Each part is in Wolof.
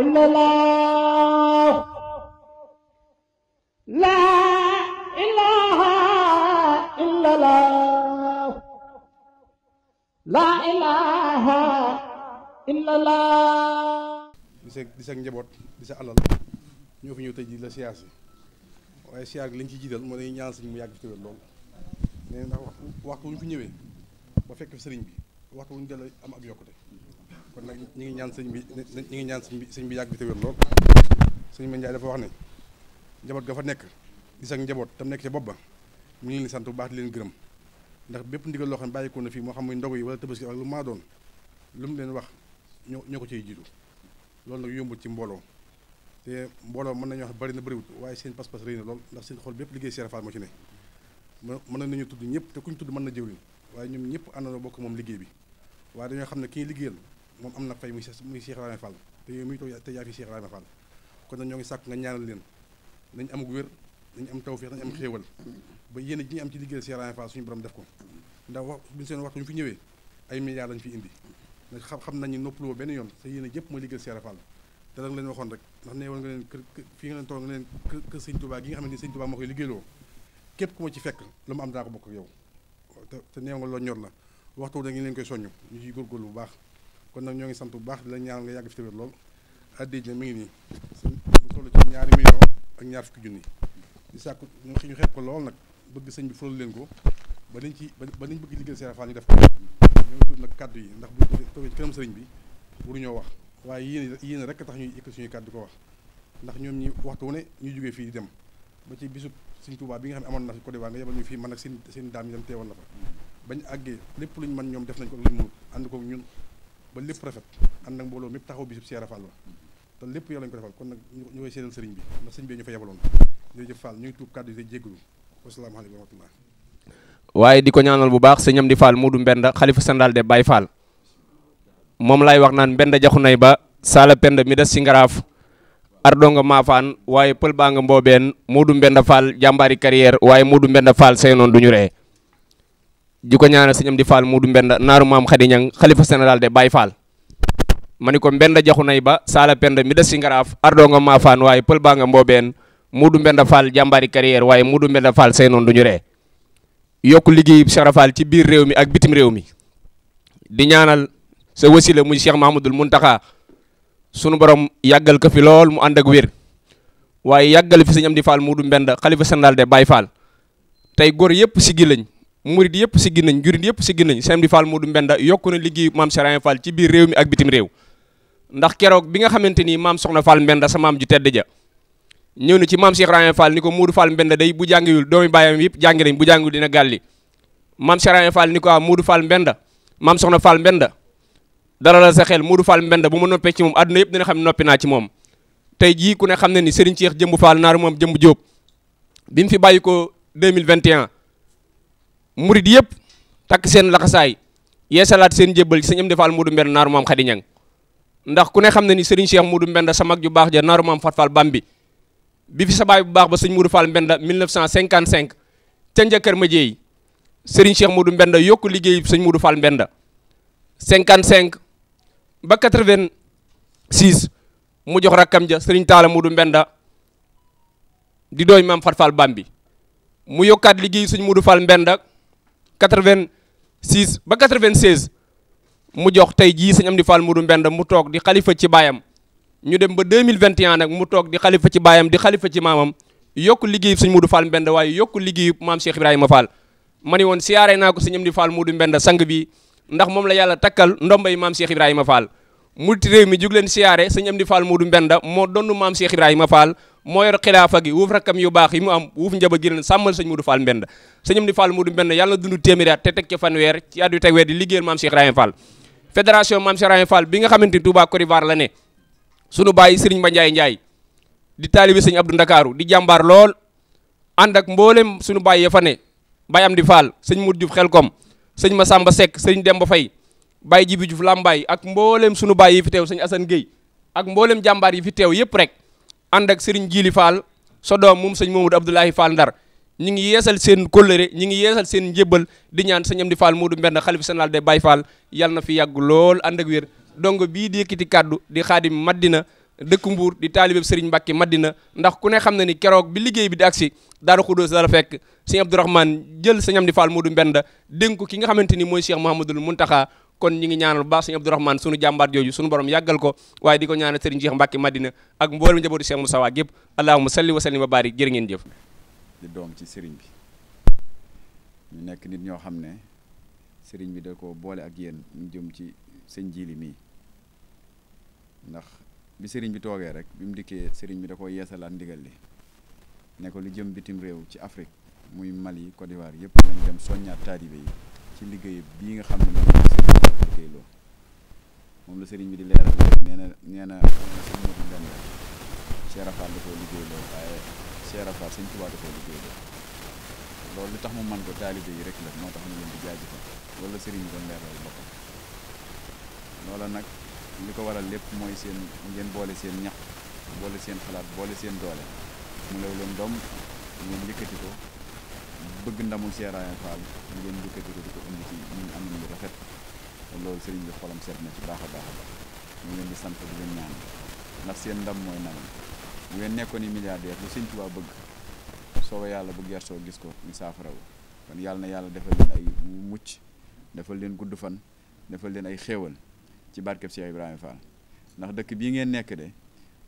إلا الله لا إله إلا الله لا إله إلا الله di sa di sa njaboot di sa alal ñoo fi ñëw tey ji la siyaas yi waaye siyaas lañ ci jiital moo day ñaan sëñ mu yàgg ci wér lool nee ndax waxtu waxtu wuñ fi ñëwee ba fekk fi sëriñ bi waxtu wuñ delloo am ak yokkute kon nag ñu ngi ñaan sëñ bi ñu ngi ñaan sëñ bi sëñ bi yàgg bi te wér lool sëñ Mame Ndiaye dafa wax ne njaboot ga fa nekk di sax njaboot tam nekk ca bopp ba mu ngi leen sant bu leen gërëm ndax bépp ndigal loo xam ne bàyyikoo moo xam muy yi wala tabaski ak lu maa doon lu mu leen wax ñoo ñoo ko ciy jiitu loolu nag yombul ci mbooloo te mbooloo mën nañu wax bari na bëriwut waaye seen pas-pas rëy na lool ndax seen xol bépp liggéey Serigne Fall moo ci ne mën nañu tudd ñëpp te kuñ tudd mën na jëwriñ waaye ñoom ñëpp àndandoo bokk moom liggéey bi waaye dañoo xam ne kii liggéeyal moom am na fay muy muy Cheikh Ibrahima Fall te yow muy toog te yaa fi Cheikh Ibrahima Fall kon nag ñoo ngi sàkk nga ñaanal leen nañ am wér nañ am tawfeex nañ am xéewal ba yéen ji ñu am ci liggéey Cheikh Ibrahima Fall suñu borom def ko ndax wax buñ seen waxtu ñu fi ñëwee ay milliards lañ fi indi ndax xam xam nañu nopp loo benn yoon te yéen a jëpp mooy liggéeyal Cheikh Ibrahima Fall te lan leen waxoon rek ndax ne woon nga leen kër fii nga leen toog nga leen kër sëñ Touba gi nga xamante képp ku ci fekk mu am daa ko bokk yow te neew nga loolu ñor la waxtu da ngeen leen koy soññ ñu ciy góorgóorlu bu baax kon nag ñoo ngi sant bu baax di la ñaan nga yàgg fi tamit lool addi ji mi ngi nii mu toll ci ñaari million ak ñaar fukki junni di sàkku ñu xi ñu xeeb ko lool nag bëgg sëñ bi fulal leen ko ba niñ ci ba niñ bëgg liggéey Serigne Fall ñu def ko ñoo ngi tudd nag kàddu yi ndax bu toogee ci kanam sëriñ bi waruñoo wax waaye yéen yéen rek tax ñuy yëkkati suñuy kàddu ko wax ndax ñoom ñi waxtu wu ne ñu jógee fii dem ba ci bisub sëñ Tuubaa bi nga xam ne amoon na fi Côte d'Ivoire nga yebal ñu fii man ak seen seen daam yi dem teewal la fa bañ àggee lépp luñ mën ñoom def nañ ko ak luñ mënut ànd ko ñun ba lépp rafet ànd ak mbooloo mépp taxaw bisub Cheikh Fall la te lépp yow lañ ko defal kon nag ñu koy séenal sëriñ bi ndax sëriñ bi ñu fa yebaloon jërëjëf Fall ñu ngi tuub kàddu yi day jégalu wasalaamaaleykum waaye di ko ñaanal bu baax di Amdi Fall Moodu Mbenda xalifa sandal de Baye Fall moom laay wax naan Mbenda jaxunay ba sala pend mi des si ngaraaf ardonga maafaan waaye pël baa nga mboobeen Moodu Mbenda Fall jàmbaari carrière waaye Moodu Mbenda Fall sey noon du ñu ree di ko ñaanal sëñ Amdi Fall Moodu Mbenda naaru maam Khady Niang xalifa général de Baye Fall ma ni ko jaxu nay ba saala penda mi des si ngaraaf ardoo nga maa waaye pël baa nga mboobeen Moodu Mbenda Fall jàmbaari carrière waaye Moodu Mbenda Fall say noonu du ñu yokk liggéey liggéey sarafal ci biir réew mi ak bitim réew mi di ñaanal sa mu muy Cheikh Mahamadul Muntaxa sunu borom yàggal ko fi lool mu ànd ak wér waaye yàggal fi sëñ Amdi Fall Moodu de Baye Fall tey góor yëpp si gi murid yëpp si gin nañ jurit yëpp si gin nañ Sëñ Fall Modou Mbenda yokku na liggéey maam Serigne Fall ci biir réew mi ak bitim réew ndax keroog bi nga xamante ni maam Soxna Fall Mbenda sa maam ju tedd ja ñëw na ci maam Cheikh Ibrahima ni ko Modou Fall Mbenda day bu jàngiwul doomi bàyyam yëpp jàngi nañ bu jàngiwul dina gàlli maam Cheikh Ibrahima Fall ni ko ah Modou Fall Mbenda maam Soxna Fall Mbenda dara la sa xel Modou Fall Mbenda bu mu noppee ci moom àdduna yëpp dina xam ne noppi naa ci moom tey jii ku ne xam ne ni Serigne Cheikh Jëmbu Fall naar moom Jëmbu Jóob bi mu fi bàyyi ko 2021 murid yëpp takk seen laxasaay yeesalaat seen jébbal ci sëñ Amdi Fall Modou Mbend naaru maam Khady Niang ndax ku ne xam ne ni sëriñ Cheikh Modou Mbend sa mag ju baax ja naaru maam Fat Fall Bambi bi fi sa baay bu baax ba sëñ Modou Fall Mbend 1955 ca njëkkër ma jeey sëriñ Cheikh Mbend yokku liggéey sëñ Modou Fall Mbend 55 ba 86 mu jox rakkam ja sëriñ Talla Modou Mbend di dooy maam Fat Fall Bambi mu yokkaat liggéey sëñ Modou Fall Mbend 86 ba 96 mu jox tey jii sëñ Amdi Fall Modou Mbenda mu toog di xalifa ci baayam ñu dem ba deux mille 2021 nag mu toog di xalifa ci baayam di xalifa ci maamam yokk liggéeyub sëñ Modou Fall Mbenda waaye yokk liggéey maam Cheikh Ibrahima Fall ma ne woon siyaare naa ko sëñ Amdi Fall du Mbenda sang bi ndax moom la yàlla takkal ndombay maam Cheikh Ibrahima Fall multi réew mi jug leen siyaare sëñ Amdi Fall Moodu Mbenda moo donn maam Cheikh Ibrahima Fall moo yor xilaafa gi wuuf rakkam yu baax yi mu am wuuf njaba gi leen sàmmal sëñ Moodu Fall Mbenda sëñ Amdi Fall Moodu Mbenda yàlla na dund téeméeri at te teg ci fanweer ci at yu teg weer di liggéeyal maam Cheikh Ibrahima Fall fédération maam Cheikh Ibrahima Fall bi nga xamante ni Touba Côte d'Ivoire la ne sunu bàyyi Serigne Ba Ndiaye Ndiaye di taalibi sëñ Abdou Ndakaaru di jàmbaar lool ànd ak mboolem sunu bàyyi ya fa ne Baye Amdi Fall sëñ Modou Diouf Xelkom sëñ Massamba Seck sëñ Demba fay Baye Jibi Diouf Lambaye ak mbooleem sunu baay yi fi teew sëñ Assane géey ak mbooleem jàmbaar yi fi teew yëpp rek ànd ak Serigne Djili Fall so doom moom sëñ Mamadou Abdoulahi Fall Ndar ñi ngi yeesal seen kóllëre ñi ngi yeesal seen njébbal di ñaan sañam di Amdi moo du Mbenn xalif général des Baye faal yal na fi yàgg lool ànd ak wér donc bii di yëkkati kàddu di xaadim Madina dëkk Mbour di taalibe Serigne Mbacke Madina ndax ku ne xam na ni keroog bi liggéey bi di agsi Daaru Xuddoos dara fekk sëñ Abdourahmane jël sëñ Amdi Fall Modou Mbenda dénk ki nga xamante ni mooy Cheikh Mouhamadoul Mountakha kon ñu ngi ñaanal bu baax sëñ Abdourahmane suñu jàmbaar jooju suñu borom yàggal ko waaye di ko ñaanal sëriñ Cheikh Mbacke Madina ak mboolem njabootu Cheikh Moussa Wague yëpp allahumma salli wa sallim wa barik jërë ngeen jëf di doom ci sëriñ bi nekk nit ñoo xam ne sëriñ bi da ko boole ak yéen ñu jëm ci sëñ jiili mii ndax bi sëriñ bi toogee rek bi mu dikkee sëriñ bi da ko yeesalaat ndigal li ne lu jëm bitim réew ci Afrique muy Mali Côte d'Ivoire yëpp nañ dem soññaat taalibe yi ci liggéey bii nga xam téyloo moom la sëriñ bi di leeral nee na nee na sëñ Modou Mbenda Cheikh Rafal da koo loolu li tax mu man ko taalibe yi rek la moo tax ñu leen di jaajëfal loolu la sëriñ bi doon leeral boppam loola nag li ko waral lépp mooy seen mu ngeen boole seen ñax boole seen xalaat boole seen doole mu lew leen doom ngeen yëkkati ko bëgg ndamul seeraayam faal ngeen yëkkati ko di ko indi ci ñu am ñu rafet loolu sëriñ bi xolam seet na ci baax a baax a baax leen di sant bu leen ñaan ndax seen ndam mooy nanam bu ngeen nekkoon ni milliardaire lu sëñ Tuubaa bëgg sooba yàlla bu gersoo gis ko ñu saafarawu kon yàlla na yàlla defal leen ay mucc defal leen gudd fan defal leen ay xéewal ci barkeb Cheikh Ibrahima Fall ndax dëkk bii ngeen nekk de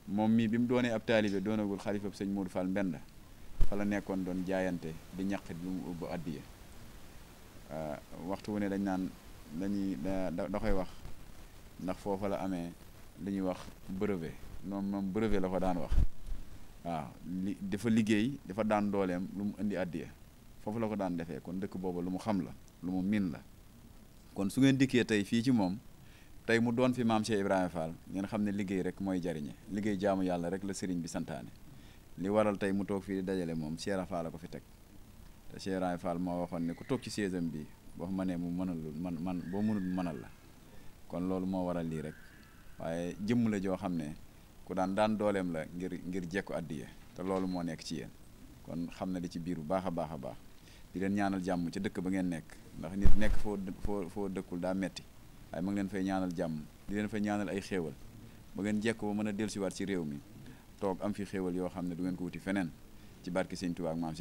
moom mii bi mu doonee ab taalibe doonagul xalifab sëñ Modou Fall Mbenda fa la nekkoon doon jaayante di ñaq lu mu lañuy da da koy wax ndax foofa la amee li ñuy wax brevet noonu moom brevet la ko daan wax waaw li dafa liggéey dafa daan dooleem lu mu indi àddiya foofu la ko daan defee kon dëkk booba lu mu xam la lu mu miin la kon su ngeen dikkee tey fii ci moom tey mu doon fi maam Cheikh Ibrahima Fall ngeen xam ne liggéey rek mooy jariñe liggéey jaamu yàlla rek la sëriñ bi santaane li waral tey mu toog fii di dajale moom Cheikh Fall ko fi teg te Cheikh Ibrahima moo waxoon ne toog ci séesam bi boo ne mu mënal man man boo mënul mënal la kon loolu moo waral lii rek waaye jëmm la joo xam ne ku daan daan dooleem la ngir ngir jekku addiye te loolu moo nekk ci yéen kon xam na di ci biir bu baax a baax a baax di leen ñaanal jàmm ca dëkk ba ngeen nekk ndax nit nekk foo foo foo dëkkul daa metti waaye mu ngi leen fay ñaanal jàmm di leen fa ñaanal ay xéewal ba ngeen jekku mën a dellusiwaat ci réew mi toog am fi xéewal yoo xam ne du ngeen ko wuti feneen ci barke Sëñ Tuubaa ak maam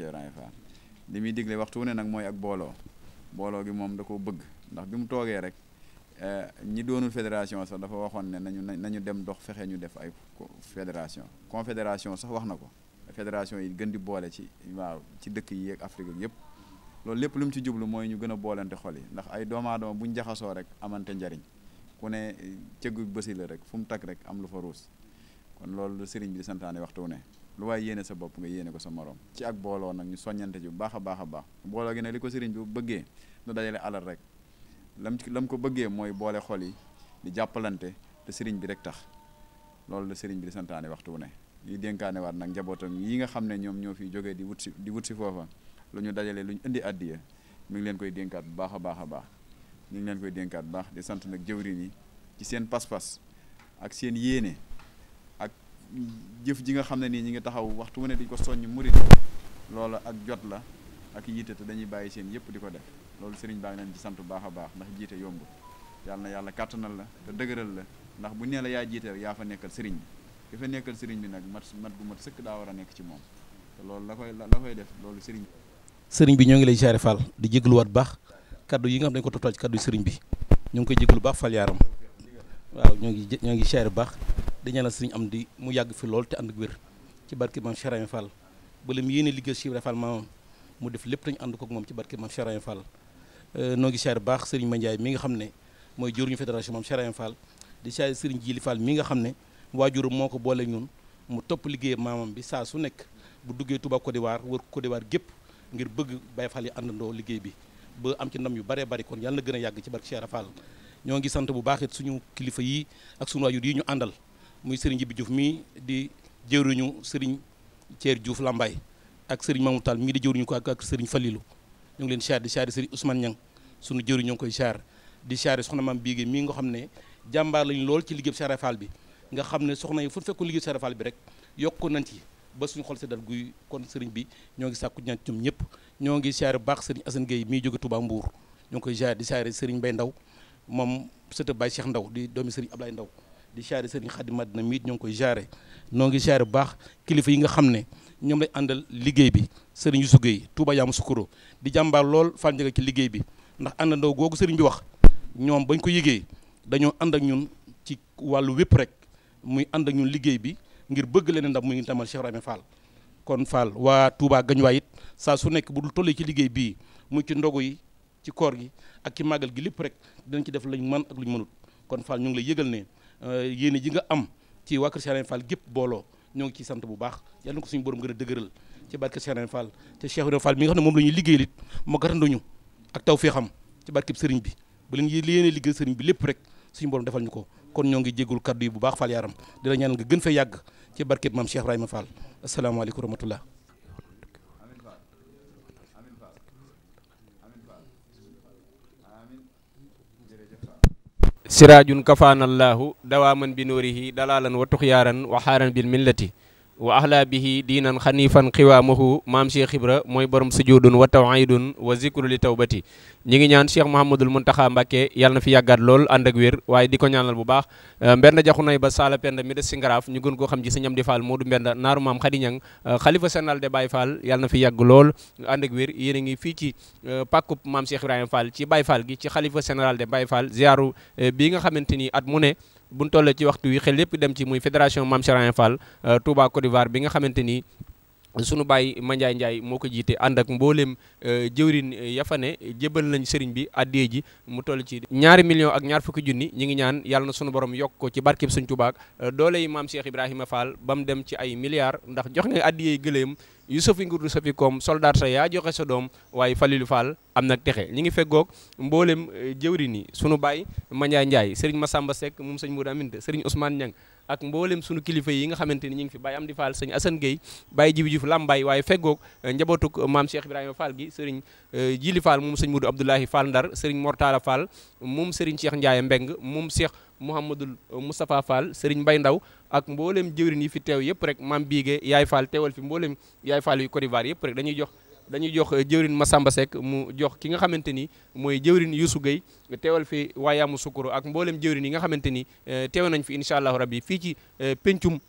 li muy digle waxtu wu ne nag mooy ak booloo booloo gi moom da ko bëgg ndax bi mu toogee rek eh, ñi doonul fédération sax dafa waxoon ne nañu nañu dem dox fexe ñu def ay fédération confédération sax wax na ko fédération yi gën di boole ci waaw ci dëkk yi ak Afrique yëpp loolu lépp lu mu ci jublu mooy ñu gën a boolante xol yi ndax ay doomu aadama bu ñu rek amante njariñ ku ne eh, cëggu bësi la rek fu mu takk rek am lu fa ruus kon loolu sëriñ bi di santaane waxtu ne lu waaye yéene sa bopp nga yéene ko sa moroom ci ak booloo nag ñu soññante ji bu baax a baax a baax booloo gi ne li ko sëriñ bi bëggee lu dajale alal rek lam lam ko bëggee mooy boole xol yi di jàppalante te sëriñ bi rek tax loolu la sëriñ bi di santaane waxtu wu ne ñuy dénkaane waat nag njabootam yi nga xam ne ñoom ñoo fi jógee di wut si di wut si foofa lu ñu dajale lu ñu indi addiya mu ngi leen koy dénkaat bu baax a baax a baax ñu ngi leen koy dénkaat bu baax di sant nag jëwriñ yi ci seen pas ak seen yéene jëf ji nga xam ne nii ñu ngi taxaw waxtu wu ne di ko soññ murit loola ak jot la ak yitte te dañuy bàyyi seen yëpp di ko def loolu sëriñ baa ngi leen ci sant bu baax a baax ndax jiite yomb yàlla na yàlla kàttanal la te la ndax bu nee la yaa jiite yaa fa nekkal sëriñ bi dafa nekkal sëriñ bi nag mat mat gu mat sëkk daa war a nekk ci moom te loolu la koy la koy def loolu sëriñ sëriñ bi ñoo ngi lay jaare Fall di jégluwaat baax kaddu yi nga xam dañ ko toftal ci kaddu sëriñ bi ñu ngi koy lu baax Fall yaaram waaw ñoo ngi ñoo ngi siyaare bu baax di ñaanal sëriñ am di mu yàgg fi lool te ànd ak wér ci barke maam Cheikh Ibra Fall ba lim yéene liggéey Cheikh Ibra Fall mu def lépp dañu ànd ko moom ci barki maam Cheikh Ibra Fall euh, noo ngi siyaare baax sëriñ Mandiaye mi nga xam ne mooy jëruñu fédération maam Cheikh Ibra Fall di siyaare sëriñ Jili Fall mi nga xam ne waajuru moo ko boole ñun mu topp liggéey maamam bi saa su nekk bu duggee Touba Côte d'Ivoire wër Côte d'Ivoire gépp ngir bëgg Baye Fall yi àndandoo liggéey bi ba am ci ndam yu baree bari kon yàlla na gën a yàgg ci barke Cheikh Ibra ñoo ngi sant bu baax suñu kilifa yi ak suñu waajur yi ñu àndal muy sëriñ Jibi Diouf mii di jëwriñu sëriñ Thier Diouf Lambaye ak sëriñ Mamour Tall mii di jëwriñu ko ak ak sëriñ Falilou ñoo ngi leen siyaar di siyaar di sëriñ Ousmane Niang suñu jëwriñ ñoo ngi koy siyaar di siyaar soxna maam Biége mii nga xam ne jàmbaar lañu lool ci liggéey Cheikh Fall bi nga xam ne soxna yi fu fekkoon liggéey Cheikh bi rek yokk nañ ci ba suñu xol seddal guy kon sëriñ bi ñoo ngi sàkku ñaan ñëpp ñoo ngi siyaar bu baax sëriñ Assane yi mii jóge Touba mbuur ñoo ngi koy siyaar di siyaar sëriñ Mbaye Ndaw moom sëtë Baye Cheikh Ndaw di doomi Serigne Ablaye Ndaw di jaare Serigne Khadim Madina miit ñoo ngi koy jaare noo ngi jaare bu baax kilifa yi nga xam ne ñoom lay àndal liggéey bi Serigne Youssou Gueye Touba Yamou Sukuro di jàmbaar lool Fall Ndiaga ci liggéey bi ndax àndandoo googu Serigne bi wax ñoom bañ ko yiggéey dañoo ànd ak ñun ci wàllu wépp rek muy ànd ak ñun liggéey bi ngir bëgg leen ndam muy ngi tamal Cheikh Rahma Fall kon Fall waa Touba gañuwaay it saa su nekk bu dul tollee ci liggéey bii mu ci yi ci koor gi ak ci màggal gi lépp rek dinañ ci def lañ mën ak luñ mënut kon Fall ñu ngi lay yëgal ne euh, yéene ji nga am ci waa Kër Cheikh Fall gépp booloo ñoo ngi ciy sant bu baax yal na ko suñu borom gën a dëgëral ci barke Cheikh Fall te Cheikh Ibrahima Fall mi nga xam ne moom la ñuy liggéeyal it moo gàttanduñu ak taw xam ci barkeb sëriñ bi bu leen yéene liggéey sëriñ bi lépp rek suñu borom defal ñu ko kon ñoo ngi jéggul kàddu yi bu baax Fall yaaram di la ñaanal nga gën fee yàgg ci barkeb maam Cheikh Ibrahima Fall asalaamaaleykum wa rahmatullah siraajun kafaanallaahu dawaaman bi nuurihi dalaalan wa tuxyaaran wa xaaran bil millati wa ahla bihi diinan xanifan xiwaamahu maam Cheikh Ibra mooy borom sujudun wa tawaidun wa zikru li tawbati ñi ngi ñaan Cheikh Mouhamadul Mountakha Mbacké yàlla na fi yàggaat lool ànd ak wér waaye di ko ñaanal bu baax euh, mbend jaxunay ba sala penda mi des si ngaraaf ñu gën koo xam ci si ñam di fall Modou mbenda naaru maam Khady Niang euh, xalifa sénal de Baye Fall yàlla na fi yàgg lool ànd ak wér yéen a ngi fii ci euh, pàkkub maam Cheikh Ibrahima Fall ci Baye Fall gi buñ tollee ci waxtu wi xel lépp dem ci muy fédération Mame Cheikh Ibra Fall euh, Touba Côte bi nga xamante ni sunu baay Mandiaye Ndiaye moo ko jiite ànd ak mbooleem euh, jëwrin euh, yafane jébal nañ sëriñ bi addee ji mu toll ci ñaari million ak ñaar fukki junni ñi ngi ñaan yàlla na sunu borom yokk ko ci barkeb sëñ Touba doole yi maam Cheikh Ibrahima Fall ba mu dem ci ay milliards ndax jox nga addiyey gëléem Youssouf Ngurdu Safi Kom soldat sa yaa joxe sa doom waaye Falilou Fall am na texe ñi ngi feggoog mboolem eh, jëwri nii sunu baay Mandiaye Ndiaye Serigne Massamba Seck moom sëñ Mourou Aminta Serigne Ousmane Niang ak mboolem sunu kilifa yi nga xamante ni ñu ngi fi Baye Amdi Fall sëñ Assane Gueye Baye Djibi Diouf Lambaye waaye feggoog eh, njabootuk eh, maam Cheikh Ibrahima Fall gi Serigne Djili Fall moom sëñ Mourou Abdoulahi Fall Ndar Serigne Mortala Fall moom Serigne Cheikh Ndiaye Mbeng moom Cheikh Mouhamadul euh, Moustapha Fall Serigne Mbay Ndaw ak mbooleem jëwrin yi fi teew yëpp rek maam biige yaay Fall teewal fi mbooleem yaay Fall yu Côte d'Ivoire yëpp rek dañuy jox dañuy jox euh, jëwrin Massamba Seck mu jox ki nga xamante ni mooy jëwrin yu Gueye teewal fi waayaamu sukuru ak mbooleem jëwrin yi nga xamante ni euh, teew nañ fi incha allahu rabbi fii ci pencum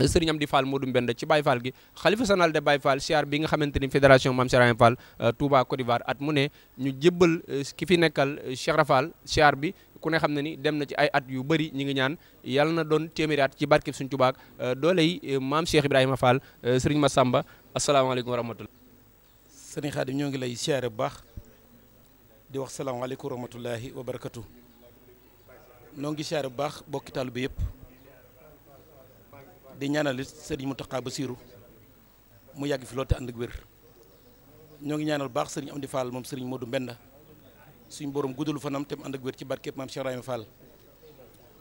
sëriñ Amdi Fall Modou mbend ci Baye Fall gi xalifa sanal de Baye Fall siyaar bi nga xamante ni fédération Mame Cheikh Ibra Touba Côte d'Ivoire at mu ne ñu jébbal ki fi nekkal Cheikh Rafal bi ku ne xam na ni dem na ci ay at yu bari ñi ngi ñaan yàlla na doon téeméeri at ci barkeb Sëriñ Tuubaa euh, doole yi euh, maam Cheikh Ibrahima Fall euh, sëriñ ma sàmba wa rahmatullah sëriñ Xaadim ñoo ngi lay siyaare bu baax di wax salaamaaleykum wa rahmatullahi wa noo ngi siyaare bu baax bokki taalibe bi yëpp di ñaanal sëriñ Mountakha Bassirou mu yàgg fi lool te ànd ak wér ñoo ngi ñaanal baax sëriñ Amdi Fall moom sëriñ Modou Mbenda suñu borom guddul fanam te mu ànd ak wér ci barkeeb maam Cheikh Ibrahima Fall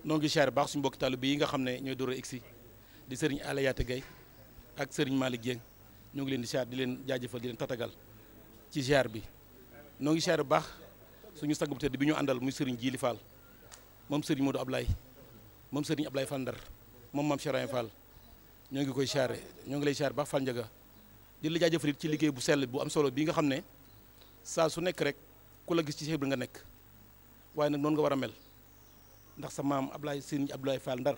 noo ngi siyaare baax suñu mbokki taalibe yi nga xam ne ñooy door a egsi di sëriñ Alla Yaate Gaye ak sëriñ Malick Dieng ñoo ngi leen di siyaar di leen jaajëfal di leen tatagal ci siyaar bi noo ngi siyaare baax suñu sang bu tedd bi ñu àndal muy sëriñ Jili Fall moom sëriñ Modou Ablaye moom sëriñ Ablaye Fall Ndar moom maam Cheikh Ibrahima Fall ñoo ngi koy siyaare ñoo ngi lay siyaare baax Fall Ndiaga di la jaajëfal it ci liggéey bu sell bu am solo bi nga xam ne saa su nekk rek ku la gis ci Cheikh Ibra nga nekk waaye nag noonu nga war a mel ndax sa maam Ablaye Serigne Abdoulaye Fall Ndar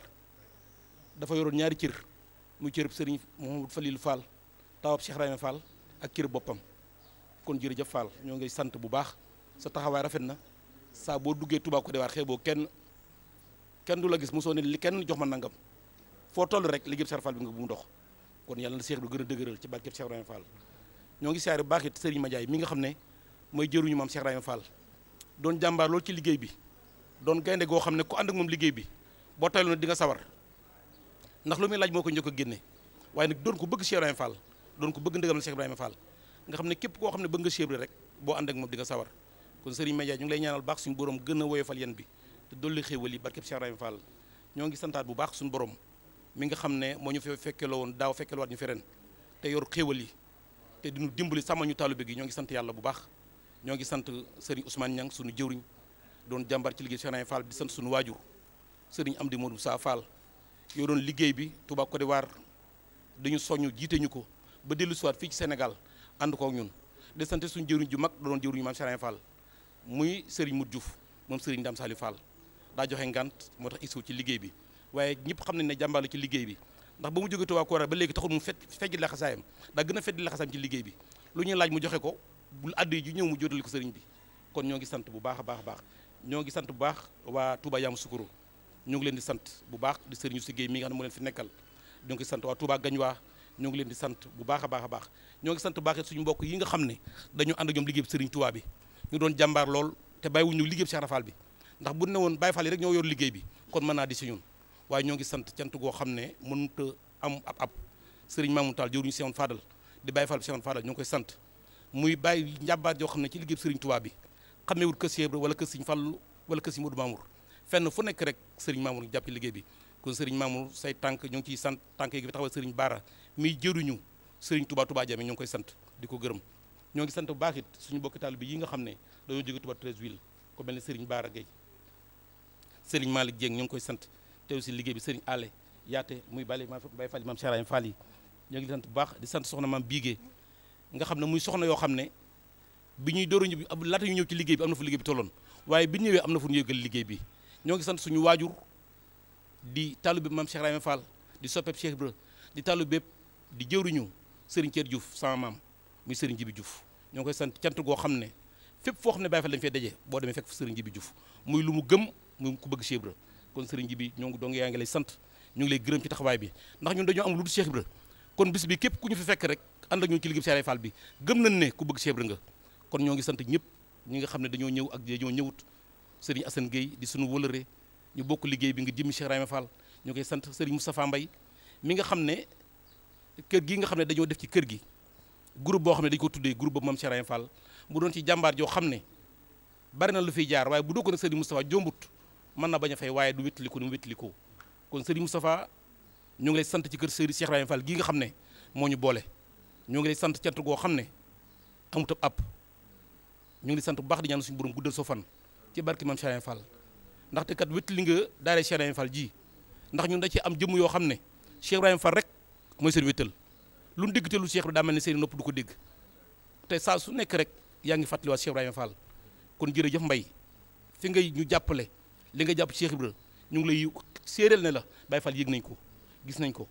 dafa yoroon ñaari cër mu cërub Serigne Mouhamadou Falil Fall taawab Cheikh Rahima ak cër boppam kon jërëjëf Fall ñoo ngay sant bu baax sa taxawaay rafet na saa boo duggee Touba de waar xeeboo kenn kenn du la gis mosoo ne li kenn jox ma nangam foo toll rek liggéeyub Cheikh Fall bi nga bu mu dox kon yàlla na Cheikh du gën ci barkeb Cheikh Rahima Fall ñoo ngi siyaare bu baax it mi nga xam ne mooy jëruñu maam Cheikh Ibrahima Fall doon jàmbaar loolu ci liggéey bi doon gaynde goo xam ne ku ànd ak moom liggéey bi boo tayloon di nga sawar ndax lu muy laaj moo ko njëkk a génne waaye nag doon ko bëgg Cheikh Ibrahima Fall doon ko bëgg ndëgam Cheikh Ibrahima Fall nga xam ne képp koo xam ne bëgg nga Cheikh rek boo ànd ak moom di nga sawar kon Serigne Média ñu ngi lay ñaanal baax suñu borom gën a woyofal yan bi te dolli xéewal yi barkeb Cheikh Ibrahima Fall ñoo ngi santaat bu baax suñu borom mi nga xam ne moo ñu fe fekkeloo woon daaw fekkelowaat ñu fereen te yor yi te diñu dimbali sàmma ñu taalu bi ñoo ngi sant yàlla bu baax ñoo ngi sant sëriñ Ousmane Niang sunu jëwriñ doon jàmbar ci liggéey Cheikh Fall di sant sunu waajur sëriñ Amdi Modou saa Fall yoo doon liggéey bi Touba Côte d'Ivoire dañu soññu jiite ñu ko ba dellu siwaat fii ci Sénégal ànd ko ak ñun de sante suñu jëwriñ ju mag doon jëwriñu maam Cheikh Fall muy sëriñ Modou Diouf moom sëriñ Dame Saliou daa joxe ngant moo tax isu ci liggéey bi waaye ñëpp xam nañ ne jàmbaar ci liggéey bi ndax ba mu jógee Touba Côte d'Ivoire ba léegi taxul mu fet fejji laxasaayam daa gën a fejji laxasaayam ci liggéey bi lu ñuy laaj mu joxe ko bu àddu yi ju ñëw mu li ko sëriñ bi kon ñoo ngi sant bu baax a baax a baax ñoo ngi sant bu baax waa Touba Yamoussoukro ñoo ngi leen di sant bu baax di sëriñ Youssou mi nga xam ne moo leen fi nekkal ñoo ngi sant waa Touba Gañwaa ñoo ngi leen di sant bu baax a baax a baax ñoo ngi sant bu suñu mbokk yi nga xam ne dañu ànd ak ñoom liggéey sëriñ Touba bi ñu doon jàmbaar lool te bàyyiwuñu liggéey Cheikh Rafal bi ndax bu ne woon Baye Fall yi rek ñoo yor liggéey bi kon mën naa di si ñun waaye ñoo ngi sant cant goo xam ne mënut am ab ab sëriñ Mamoun Tall jëwriñu Cheikh Fadal di Baye Fall bi Cheikh Fadal ñoo koy sant muy bàyyi njàmbaar yoo xam ne ci liggéey sëriñ Tuubaa bi xamewul kër Cheikh Ibra wala kër sëriñ Fallu wala kër sëriñ Modou Mamour fenn fu nekk rek sëriñ Mamour jàpp liggéey bi kon sëriñ Mamour say tànk ñu ngi ciy sant tànk yi fi taxawal sëriñ Baara muy jëruñu sëriñ Tuubaa Tuubaa Jaame ñu ngi koy sant di ko gërëm ñoo ngi sant bu baax it suñu bokki taalibe yi nga xam ne dañoo jóge Tuubaa Treichville ko mel ne sëriñ Baara Gueye sëriñ Malick Dieng ñu ngi koy sant te aussi liggéey bi sëriñ Allé yaate muy bàyyi Baye Fall Maam Cheikh Ibrahima Fall yi ñoo ngi sant bu baax di sant soxna maam Bigé nga xam ne muy soxna yoo xam ne bi ñuy dooru ñëw laata ñu ñëw ci liggéey bi am na fu liggéey bi tolloon waaye bi ñëwee am na fu ñu yëgal liggéey bi ñoo ngi sant suñu waajur di taalibe maam Cheikh Rahima Fall di soppeeb Cheikh Ibra di taalibe bépp di jëwriñu Serigne Thier Diouf sama maam muy Serigne Jibi Diouf ñoo ngi koy sant cant goo xam ne fépp foo xam ne Baay Faal lañu fee daje boo demee fekk Serigne Jibi Diouf muy lu mu gëm muy ku bëgg Cheikh Ibra kon Serigne Jibi ñoo ngi dong yaa ngi lay sant ñu ngi lay gërëm ci taxawaay bi ndax ñun dañoo am lu du Cheikh Ibra kon bis bi képp ku ñu fi fekk rek ànd ak ñu ci liggéey Serigne Fall bi gëm nañ ne ku bëgg Cheikh Ibra nga kon ñoo ngi sant ñëpp ñi nga xam ne dañoo ñëw ak dañoo ñëwut Serigne Assane Gueye di suñu wëlëre ñu bokk liggéey bi nga jëmmi Cheikh Ibrahima Fall ñu koy sant Serigne Moustapha Mbaye mi nga xam ne kër gi nga xam ne dañoo def ci kër gi groupe boo xam ne dañu ko tuddee groupe ba Mame Cheikh Ibrahima mu doon ci jàmbaar joo xam ne bari na lu fiy jaar waaye bu doo ko nag Serigne Moustapha jombut mën na bañ a fay waaye du wétali ko ni mu wétali ko kon Serigne Moustapha ñoo ngi lay sant ci kër Serigne Cheikh Ibrahima Fall gii nga xam ne moo ñu boole ñoo ngi lay sant cant goo xam ne amut ab app ñu ngi lay sant bu baax di ñaan borom guddal soo fan ci barki maam Cheikh Ibrahima ndaxte kat wétali li nga daare Cheikh Ibrahima ndax ñun da ci am jëmm yoo xam ne Cheikh Ibrahima Fall rek mooy seen wéttal lu nu dégg ne seen nopp du ko dégg te saa su nekk rek yaa ngi fàttaliwaat Cheikh Ibrahima Fall kon jërëjëf mbay fi ñu jàppale li nga jàpp Cheikh Ibra ñu ngi lay séeréel ne la Baye Fall yëg nañ ko gis nañ ko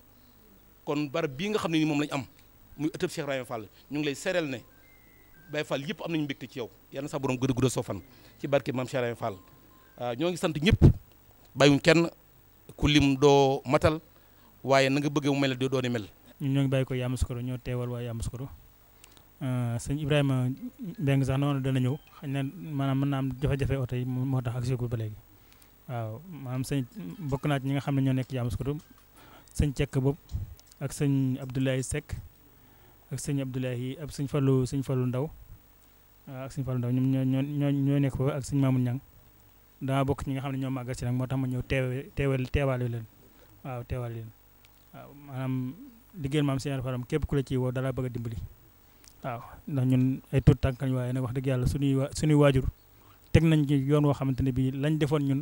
kon barab bii nga xam ne ni moom lañ am muy ëttëb Cheikh Ibrahima ñu ngi lay sereel ne Baye Fall yëpp am nañu mbégte ci yow yal na sa borom gën a soo fan ci barke maam Cheikh Ibrahima Fall ah, ñoo ngi sant ñëpp bàyyiwuñ kenn ku lim doo matal waaye na nga bëggee mu mel doo doone mel. ñun ñoo ngi bàyyi ko Yamoussoukro ñoo teewal waa Yamoussoukro ah, sëñ Ibrahima Mbengue sax noonu dana ñëw xañ na maanaam mën naa am jafe-jafe oto yi moo ba léegi waaw maanaam sëñ bokk naa ñi nga xam ne ñoo nekk Yamoussoukro sëñ Cekk Bob ak sëñ Abdoulaye Seck ak sëñ Abdoulaye ak sëñ falu sëñ Fallou Ndaw ah, ak sëñ Fallou Ndaw ñoo ñoo ñoo nekk foofu ak sëñ Mamoun Niang dama bokk ñi nga xam ne ñoo màggal si nag moo tax ma ñëw teewe teewal teewaale leen waaw leen waaw maanaam liggéeyal maam seen faram képp ku la ci woo dalaa bëgg a dimbali waaw ndax ñun ay tuut tànk lañ waaye nag wax dëgg yàlla suñuy waa suñuy waajur teg nañ ci yoon woo xamante ne bii lañ defoon ñun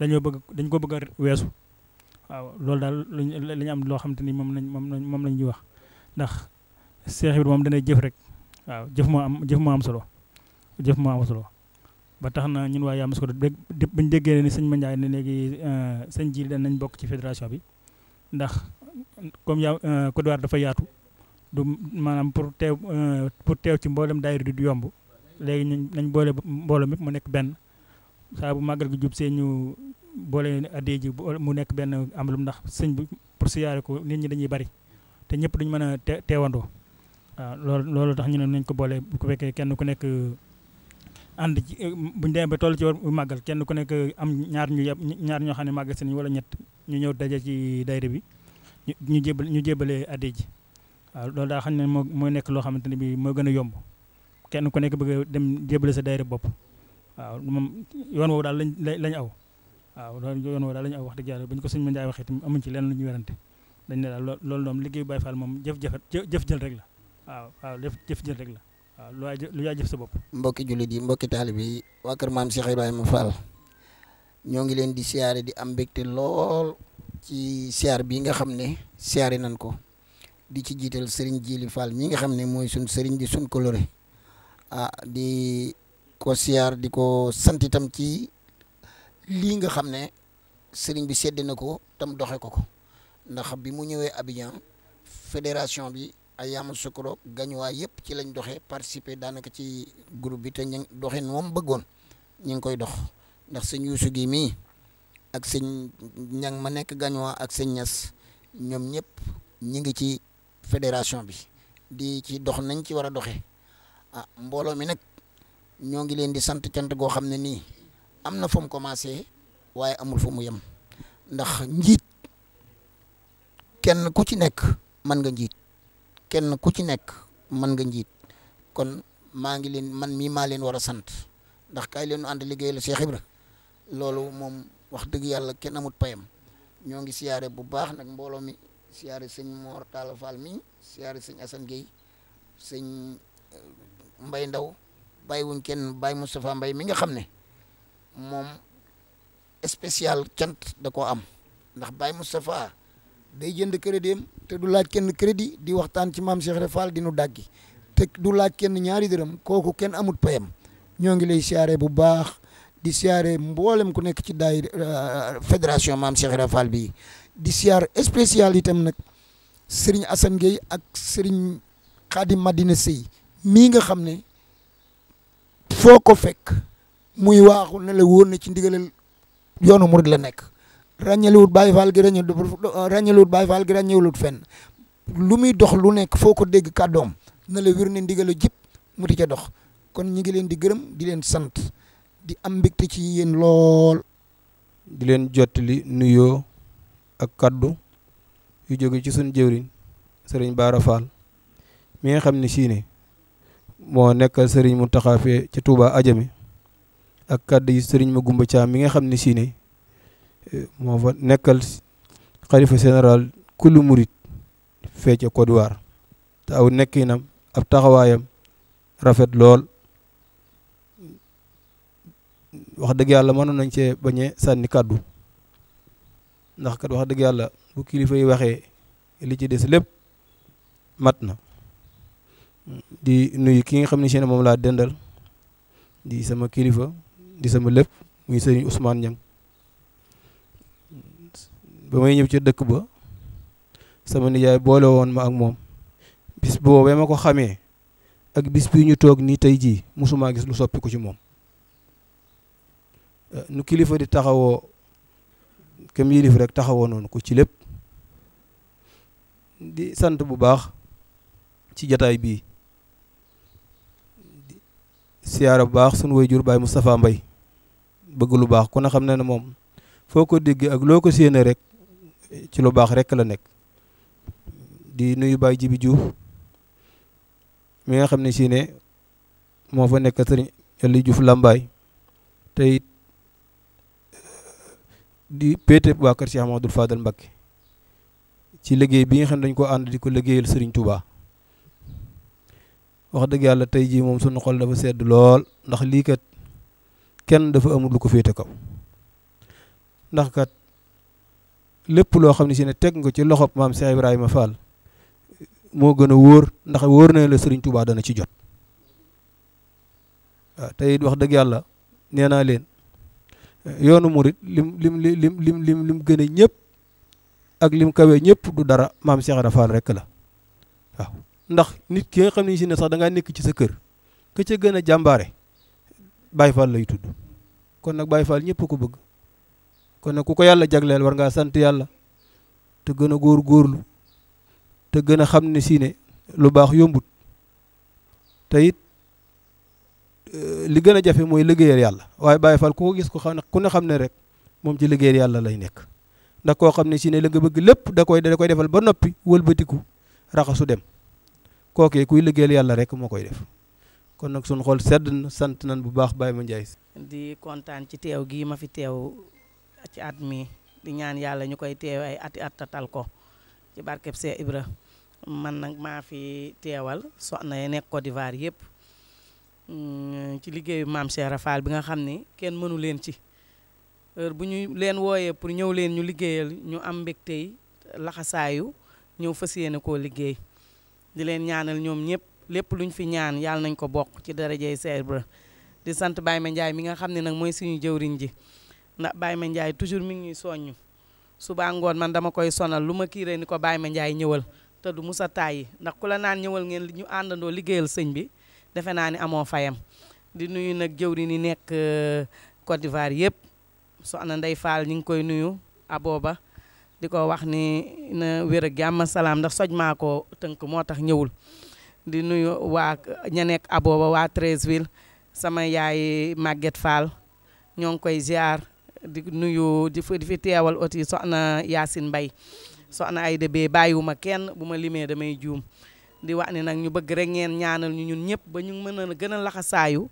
dañoo bëgg dañ ko bëgg a weesu waaw loolu daal lu ñu am loo xam te ni moom lañ moom lañ moom lañ ñuy wax ndax Seex Ibra moom danay jëf rek waaw jëf moo am jëf moo am solo jëf moo ba tax na ñun waa Yaa Moussoukha dégg bañ déggee ni sëñ Mandiaye ne léegi euh, sëñ ji danañ bokk ci fédération bi ndax comme yaa euh, Côte d'Ivoire dafa yaatu du maanaam pour teew euh, pour teew ci mboolem daayira du yomb léegi ñu nañ boole mbooloo mépp mu nekk benn saa bu màggal gi jub see ñu boole addee ji mu nekk benn amalum ndax sëñ bi pour siyaare ko nit ñi dañuy bari te ñëpp duñ mën a teewandoo waaw loolu loolu tax ñu ne nañ ko boole bu ko fekkee kenn ku nekk uh, ànd ci uh, buñ demee ba toll ci war uh, màggal kenn ku nekk am ñaar ñu yab ñaar ñoo xam ne màggal seen wala ñett ñu ñëw daje ci dayre bi ñu jébal ñu jébalee addee ji waaw loolu daa xam ne moo mooy nekk loo xamante ne bi moo gën a yomb kenn ku nekk bëgg dem jébale sa dayre bopp waaw yoon woowu daal lañ lañ aw waaw loolu yoon woo daal la ñu aw wax dëgg yàlla bu ñu ko suñu mën jaay waxee tamit amuñ ci lenn lu werante dañ ne daal loolu moom liggéey Baye Fall moom jëf-jëf jël rek la waaw lu waay jëf sa bopp mbokki jullit di mbokki taalib yi waa kër maam Cheikh Ibrahima Fall ñoo ngi leen di siyaare di am mbégte lool ci siyaar bi nga xam ne siyaare nañ ko di ci jiital sëriñ Jili Fall ñi nga xam ne mooy suñ sëriñ di suñ coloré ah, di ko siyaar di ko sant itam ci lii nga xam ne sëriñ bi sedd na ko tam doxe ko ko ndax bi mu ñëwee Abidjan fédération bi ay yaamu sukkuroo gañuwaay yëpp ci lañ doxee participer daanaka ci groupe bi te ñu doxin moom bëggoon ñu ngi koy dox ndax sëñ Yuusu gi mii ak sëñ ñang ma nekk gañuwaa ak sëñ Ñas ñoom ñëpp ñi ngi ci fédération bi di ci dox nañ ci war a doxee ah mbooloo mi nag ñoo ngi leen di sant cant goo xam ne nii am na fu mu commencé waaye amul fu mu yem ndax njiit kenn ku ci nekk mën nga njiit kenn ku ci nekk mën nga njiit kon maa ngi leen man mii maa leen war a sant ndax kay leen nu ànd liggéey la Cheikh Ibra loolu moom wax dëgg yàlla kenn amut payam ñoo ngi siyaare bu baax nag mbooloo mi siyaare sëñ Mor Talla mi siyaare sëñ Assane Gueye sëñ eh, Mbay Ndaw bàyyiwuñ kenn bay Moustapha Mbay mi nga xam ne moom spécial cant da koo am ndax Baye Moustapha day jënd crédit te du laaj kenn crédit di waxtaan ci maam Cheikh Fall di nu daggi te du laaj kenn ñaari dërëm kooku kenn amut payam ñoo ngi lay siyaare bu baax di siyaare mboolem ku nekk ci daay euh, fédération maam Cheikh Fall bii di siyaar spécial itam nag Serigne Assane Gueye ak Serigne Khadim Madina Sey mii nga xam ne foo ko fekk. muy waaxu na la woon na ci ndigalal yoonu murid la nekk ràññeluwut Baay Faal gi ràññe ràññeluwut Baay Faal gi ràññeluwut fenn lu muy dox lu nekk foo ko dégg kàddoom na la wér ne ndigal jip mu di ca dox kon ñi ngi leen di gërëm di leen sant di am mbégte ci yéen lool di leen jottali nuyoo ak kaddu yu jóge ci suñu jëwriñ sëriñ Bara Fall mi nga xam ne sii moo nekkal sëriñ mu fee ci Touba Adjamé ak kàddu yu sëriñ ma gumba Thiam mi nga xam ne si ne eh, moo fa nekkal xalifa général kullu murit fee ca Côte te aw nekkinam ab taxawaayam rafet lool wax dëgg yàlla mënoon nañ cee bañee sànni kàddu ndax kat wax dëgg yàlla bu kilifa yi waxee li ci des lépp mat na di nuyu ki nga xam ne si moom laa dendal di sama kilifa di sama lépp muy sëriñ Ousmane Niang ba may ñëw ci dëkk ba sama nijaay boole woon ma ak moom bis boobee ma ko xamee ak bis bi ñu toog nii tey jii mosumaa gis lu soppi ko ci moom eh, nu kilifa di taxawoo kem yilif rek taxawoo noonu ko ci lépp di sant bu baax ci jataay bii siyaara bu baax sun way jur baay mu safaa Mbay bëgg lu baax ku ne xam na ne moom foo ko dégg ak loo ko séenee rek ci lu baax rek la nekk di nuyu Baye Jibi Diouf mi nga xam ne si moo fa nekk sëriñ Aliou Diouf Lambaay tey eh, di péete waa kër Cheikh Amadou Fadal Mbacké ci liggéey bi nga xam ne dañ ko ànd di ko liggéeyal sëriñ Touba wax dëgg yàlla tey jii moom sunu xol dafa sedd lool ndax lii kat kenn dafa amulu lu ko féete kaw ndax kat lépp loo xam ne si ne teg nga ci loxob maam Cheikh Ibrahima Fall moo gën a wóor ndax wóor na la Serigne Touba dana ci jot waaw te it wax dëgg yàlla nee naa leen yoonu murit lim lim lim lim lim gën a ñëpp ak lim kawee ñëpp du dara maam Cheikh Ibrahima Fall rek la waaw ndax nit ki nga xam ne si sax danga ngaa nekk ci sa kër ka ca gën a jàmbaare. Baye Fall lay tudd kon nag Baye Fall ñëpp ko bëgg kon nag ku ko yàlla jagleel war ngaa sant yàlla te gën a góor-góorlu te gën a xam ne si ne lu baax yombut te it eh, li gën a jafe mooy liggéeyal yàlla waaye Baye Fall ku ko gis ko xam ne ku ne xam ne rek moom ci liggéeyal yàlla lay nekk ndax koo xam ne si ne la nga bëgg lépp da koy da koy defal ba noppi wëlbatiku raxasu dem kookee kuy liggéeyal yàlla rek moo koy def kon nag suñu xool sedd na sant nañ bu baax Baye Mandiaye si di kontaan ci teew gii ma fi teew ci at mi di yàlla ñu koy teew ati at ko ci barkeb Cheikh Ibra man nag maa fi teewal soxna yi nekk Côte d'Ivoire yëpp mm, ci liggéeyu maam Cheikh Rafal bi nga xam ni kenn mënu leen ci heure bu ñu leen wooyee pour ñëw leen ñu liggéeyal ñu am mbégte yi laxasaayu ñëw fas yéene koo liggéey di leen ñaanal ñoom ñëpp lépp lu ñu fi ñaan yal nañ ko bokk ci darajey Cheikh Ibra di sant Baye Mandiaye mi nga xam ne nag mooy suñu jëwriñ ji ndax Baye Mandiaye toujours mi ngi ñuy soññu suba ngoon man dama koy sonal lu ma kiiree ni ko Baye Mandiaye ñëwal te du musa tàyyi ndax ku la naan ñëwal ngeen ñu àndandoo liggéeyal sëñ bi defe naa ni amoo fayam di nuyu nag jëwriñ yi nekk euh, Côte d'Ivoire yëpp soxna Ndey Fall ñu ngi koy nuyu abooba di ko wax ni na wér ak jàmm salaam ndax soj maa ko tënk moo tax ñëwul di nuyu waa ña nekk abooba waa Treichville sama yaay Maguette Fall ñoo ngi koy ziar di nuyu di fi teewal oti soxna Yacine mbay soxna ay débee bàyyiwuma kenn bu ma limee damay juum di wax ne nag ñu bëgg rek ngeen ñaanal ñu ñun ñëpp ba ñu mën a gën a laxasaayu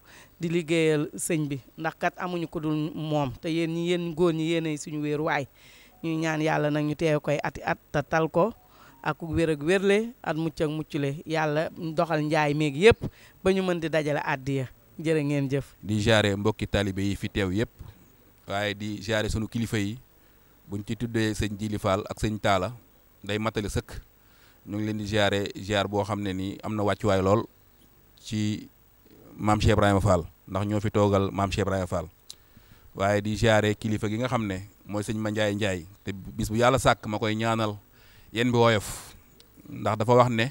di liggéeyal sëñ bi ndax kat amuñu ko dul moom te yéen ñi yéen góor ñi yéenay suñu wéeruwaay ñuy ñaan yàlla nag ñu teew koy ati at te tal ko ak wér ak wérle ak mucc ak muccule yàlla doxal njaay meeg yëpp ba ñu mën di dajale àddiya jërë ngeen jëf. di jaare mbokki taalibe yi fi teew yëpp waaye di jaare sunu kilifa yi buñ ci tuddee sëñ Jili Fall ak sëñ Taala day matali sëkk ñu ngi leen di jaare jaar boo xam ne nii am na wàccuwaay lool ci maam Cheikh ndax ñoo fi toogal maam Cheikh Ibrahima Fall. waaye di jaare kilifa gi nga xam ne mooy sëñ Ma Ndiaye Ndiaye te bis bu yàlla sàkk ma koy ñaanal yéen bi woyof ndax dafa wax ne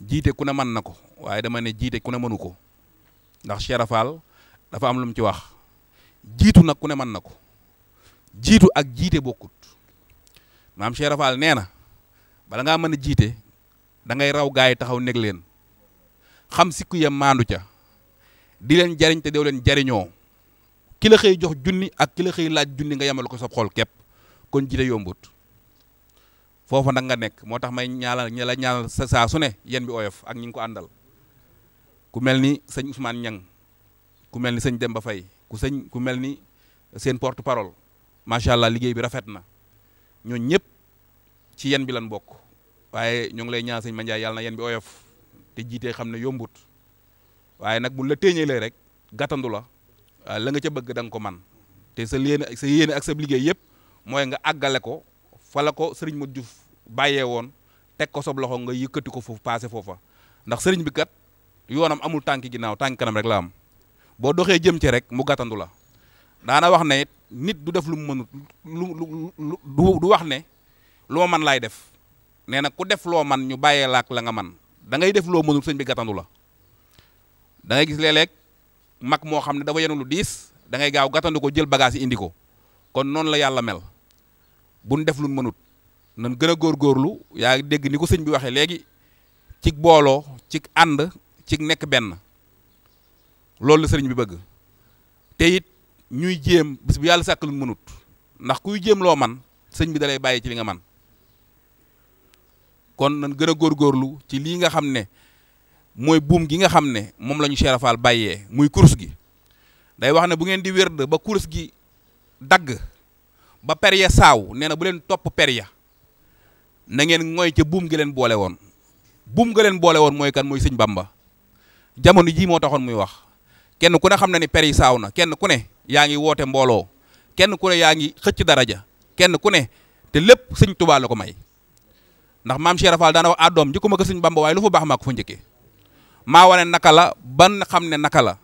jiite ku ne mën na ko waaye dama ne jiite ku ne mënu ko ndax Cheikh Fall dafa am lum ci wax jiitu nag ku ne mën na ko jiitu ak jiite bokkut maam Cheikh Fall nee na bala ngaa mën a jiite dangay raw gaa yi taxaw nekk leen xam sikku ya maandu ca di leen jariñ te dew leen jariñoo ki la jox junni ak ki la laaj junni nga yamal ko sa xol képp kon jiite yombut foofa nag nga nekk moo tax may ñaanal ña la sa saa su ne yéen bi oyof ak ñi ngi ko àndal ku mel ni sëñ Ousmane Niang ku mel ni sëñ Demba fay ku sëñ ku mel ni seen porte parole macha allah liggéey bi rafet na ñooñ ñëpp ci yéen bi lan bokk waaye ñoo ngi lay ñaan sëñ Mandiaye yàlla na yéen bi oyof te jiitee xam ne yombut waaye nag bu la teeñee téeñalee rek gàttandu la la nga ca bëgg da nga ko man te sa yéene sa yéene ak sa liggéey yëpp mooy nga àggale ko fa ko sëriñ Modou Diouf bàyyee woon teg ko sob loxo nga yëkkati ko foofu passé foofa ndax sëriñ bi kat yoonam amul tànki ginnaaw tànki kanam rek la am boo doxee jëm ci rek mu gàttandu la daana wax ne nit du def lu mu mënut lu du wax ne lu man laay def nee na ku def loo man ñu bàyyee laak la nga man da ngay def loo mënut sëñ bi gàttandu la dangay gis léeg-léeg moo xam ne dafa yenu lu diis dangay gaaw gàttandu ko jël bagage indi ko kon noonu la yàlla mel buñ def luñ mënut nan gën góor góorlu yaa dégg ni ko sëñ bi waxee léegi cig booloo cig ànd cig nekk benn loolu la sëriñ bi bëgg te it ñuy jéem bis bu yàlla sàkk luñ mënut ndax kuy jéem loo man sëñ bi dalay bàyyi ci li nga man kon nan gën a góorlu ci lii nga xam ne mooy buum gi nga xam ne moom la ñu seerafaal bàyyee muy kurus gi day wax ne bu ngeen di wérd ba kurus gi dagg ba per saaw nee na bu leen topp per ya na ngeen mooy ca buum gi leen boole woon buum ga leen boole woon mooy kan mooy sëñ Bamba jamono jii moo taxoon muy wax kenn ku ne xam na ni per yi saaw na kenn ku ne yaa ngi woote mbooloo kenn ku ne yaa ngi xëcc daraja kenn ku ne te lépp sëñ tubaal la ko may ndax maam Cheikh Rafal daana wax àddoom njëkkuma ko sëñ Bamba waaye lu fa baax maa ko fa maa wane naka la ban xam ne naka la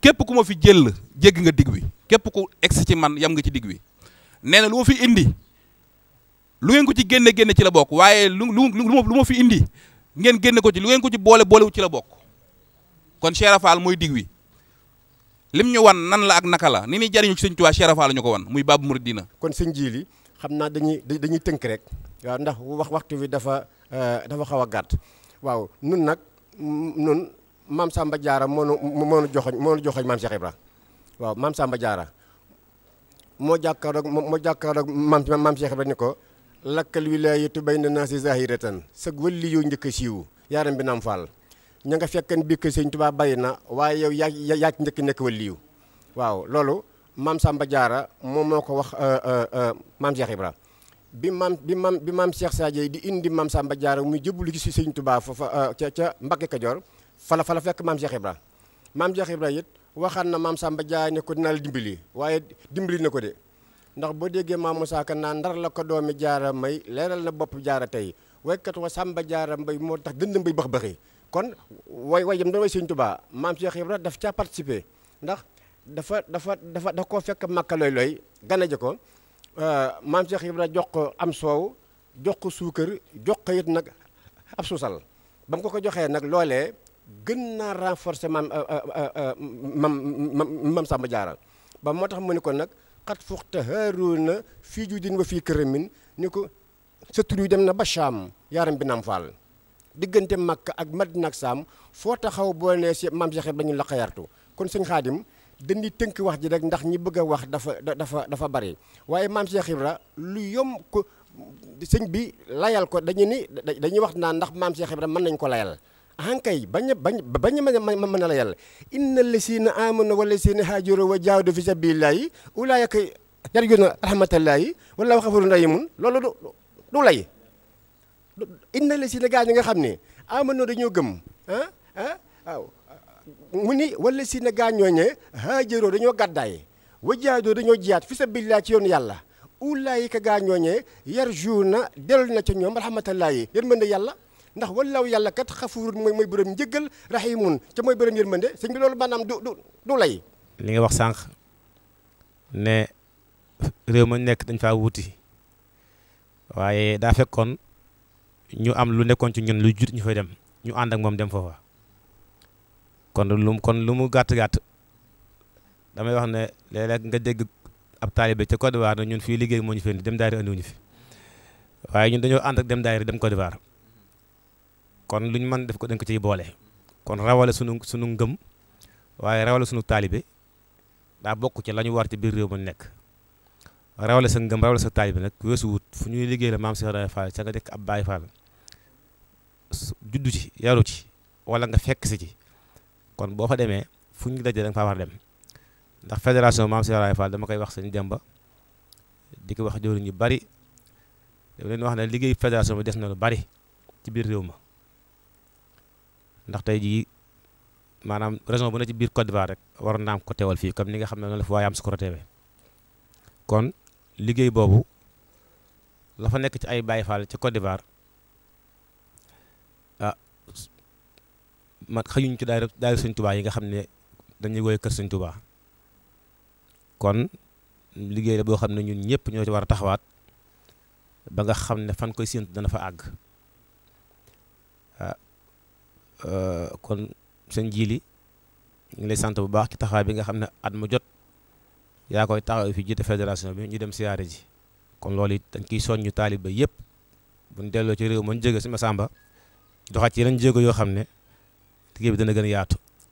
képp ku ma fi jël jégg nga digg wi képp ku egsi ci man yam nga ci digg wi nee na lu ma fi indi lu ngeen ko ci génne génne ci la bokk waaye lu lu lu ma fi indi ngeen génne ko ci lu ngeen ko ci boole boolewu ci la bokk kon Cheikh mooy dig wi lim ñu wan nan la ak naka la ni ñuy jariñu ci sëñ Tuubaa Cheikh Rafal ñu ko wan muy Baabu Muridina kon sëñ ji li xam naa dañuy dañuy tënk rek waaw ndax wax waxtu wi dafa euh, dafa xaw a gàtt waaw nun nag nun maam Samba Diarra moo nu moo nu joxoñ maam Cheikh Ibra waaw maam Samba Diarra moo jàkkaaroog moo jàkkaaroog maam maam Cheikh Ibra ni ko lakkal na naa naasi zahiratan sag wëlli yu njëkk a siiw yaaram bi naam faal ña nga fekkan bi kër Sëñ Tuubaa na waaye yow yaa yaa ci njëkk nekk wëlli yu waaw loolu maam Samba jaara moom moo ko wax euh, euh, euh, maam Cheikh Ibra bi maam bi maam bi maam Cheikh Sadio di indi maam Samba Diarra mu jëblu ci Sëñ Tuubaa fa fa ca ca Mbakke Kajoor fala fala fekk maam Cheikh Ibra maam Cheikh Ibra it waxaat na maam Samba Jaay ne ko dinaa la dimbali waaye dimbali na ko de ndax boo déggee maam Moussa Ka naan ndar la ko doomi jaara may leeral na bopp jaara tey waykat wa Samba Jaara Mbay moo tax dëndëm mbay bax baxi kon way way jam doon way Sëñ Tuubaa maam Cheikh Ibra daf caa participer ndax dafa dafa dafa da koo fekk makka looy looy ganaje ko euh, maam Cheikh ra jox ko am soow jox ko suukar jox ko nag ab suusal ba ko ko joxee nag loolee gën naa renforcer maam euh, euh, euh, mam mam Samba Diarra ba moo tax mu ne ko nag xat fuxta Haaruna fii juddin wa fii këramin ni ko sa tur dem na ba Cham yaaram bi naam Fall diggante Makka ak Madina nag Saam foo taxaw boo nee si maam Cheikh ba ñu la xayartu kon tënk wax ji rek ndax ñi bëgg a wax dafa dafa dafa bari waaye maam Cheikh Ibra lu yom ko sëñ bi layal ko dañu ni dañuy wax naa ndax maam Cheikh Ibra mën nañ ko layal hankay bañ a bañ bañ a mën a la yàlla inna lasina amanu wala sina haajoro wa jaahadu fi sabilillahi ulaayaka yarjuna rahmatallahi wallahu xafurun rahimun loolu du du lay inna lasina gaa ñi nga xam ne amanu dañoo gëm ah ah waaw mu ni wala sina gaa ñooñe haajoro dañoo gàddaay wa dañoo jiyaat fi sabilillahi ci yoonu yàlla ulaayika gaa ñooñe yarjuna dellu na ca ñoom rahmatallahi yërmande yàlla ndax wallaahu yàlla kat xafuurun mooy mooy borom njëggal rahimun ca mooy borom yërmande sëñ bi loolu maanaam du du du lay. li nga wax sànq ne réew ma nekk dañ faa wuti waaye daa fekkoon ñu am lu nekkoon ci ñun lu jut ñu fay dem ñu ànd ak moom dem foofa kon lu kon lu mu gàtt gàtt damay wax ne léeg nga dégg ab taalibe ca Côte d'Ivoire ñun fii liggéey moo ñu fi dem daayira andiwuñu fi waaye ñun dañoo ànd dem daayira dem Côte kon lu ñu mën def ko dañ ko boole kon rawale sunu sunu ngëm waaye rawale sunu taalibe daa bokk ci lañu war ci biir réew ma nekk rawale sa ngëm rawale sa taalibe nag weesu wut fu ñuy liggéey la maam si Ibra nga dëkk ab Baay Fall juddu ci yaru wala nga fekk si ci kon boo fa demee fu dajee da nga faa dem ndax fédération maam si Ibra Fall dama koy wax seen demba di ko wax jëwriñ ñu bari dama leen wax ne liggéey fédération bi des na lu bari ci biir réew ma ndax tey jii maanaam région bu ne ci biir Côte d'Ivoire rek waroon naa am ko teewal fii comme ni nga ne noonu la fi waaye am su ko kon liggéey boobu la fa nekk ci ay Baye Fall ci Côte d'Ivoire ah man xëyuñ ci daayira daayira Sëñ Tuubaa yi nga xam ne dañuy woy kër Sëñ Tuubaa kon liggéey la boo xam ne ñun ñëpp ñoo ci war a taxawaat ba nga xam ne fan koy séentu dana fa àgg Euh, kon sëñ Jili ñu ngi lay sant bu baax ci taxawaay bi nga xam ne at mu jot yaa koy taxaw fi jiite fédération bi ñu dem siyaare ji kon loolu it dañ kiy soññu taaliba yëpp buñ delloo ci réew man jóge si Massamba doxaat ci yeneen jéego yoo xam ne liggéey bi dana gën